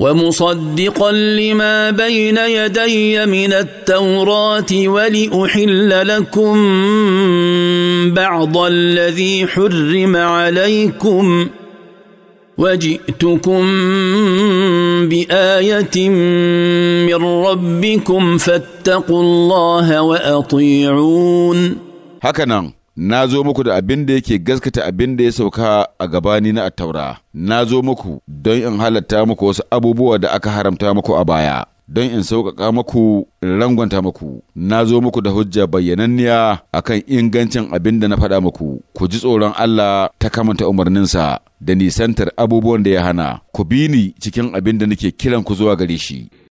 ومصدقا لما بين يدي من التوراه ولاحل لكم بعض الذي حرم عليكم وجئتكم بايه من ربكم فاتقوا الله واطيعون هكذا na zo muku da abin da yake gaskata abin da ya sauka a gabani na attaura, na zo muku don in halatta muku wasu abubuwa da aka haramta muku a baya, don in sauƙaƙa muku in rangwanta muku, na zo muku da hujja bayyananniya a kan ingancin abin da na faɗa muku, ku ji tsoron Allah ta kamanta umarninsa da nisantar abubuwan da ya hana, ku bi ni cikin abin da nake kiran ku zuwa gare shi.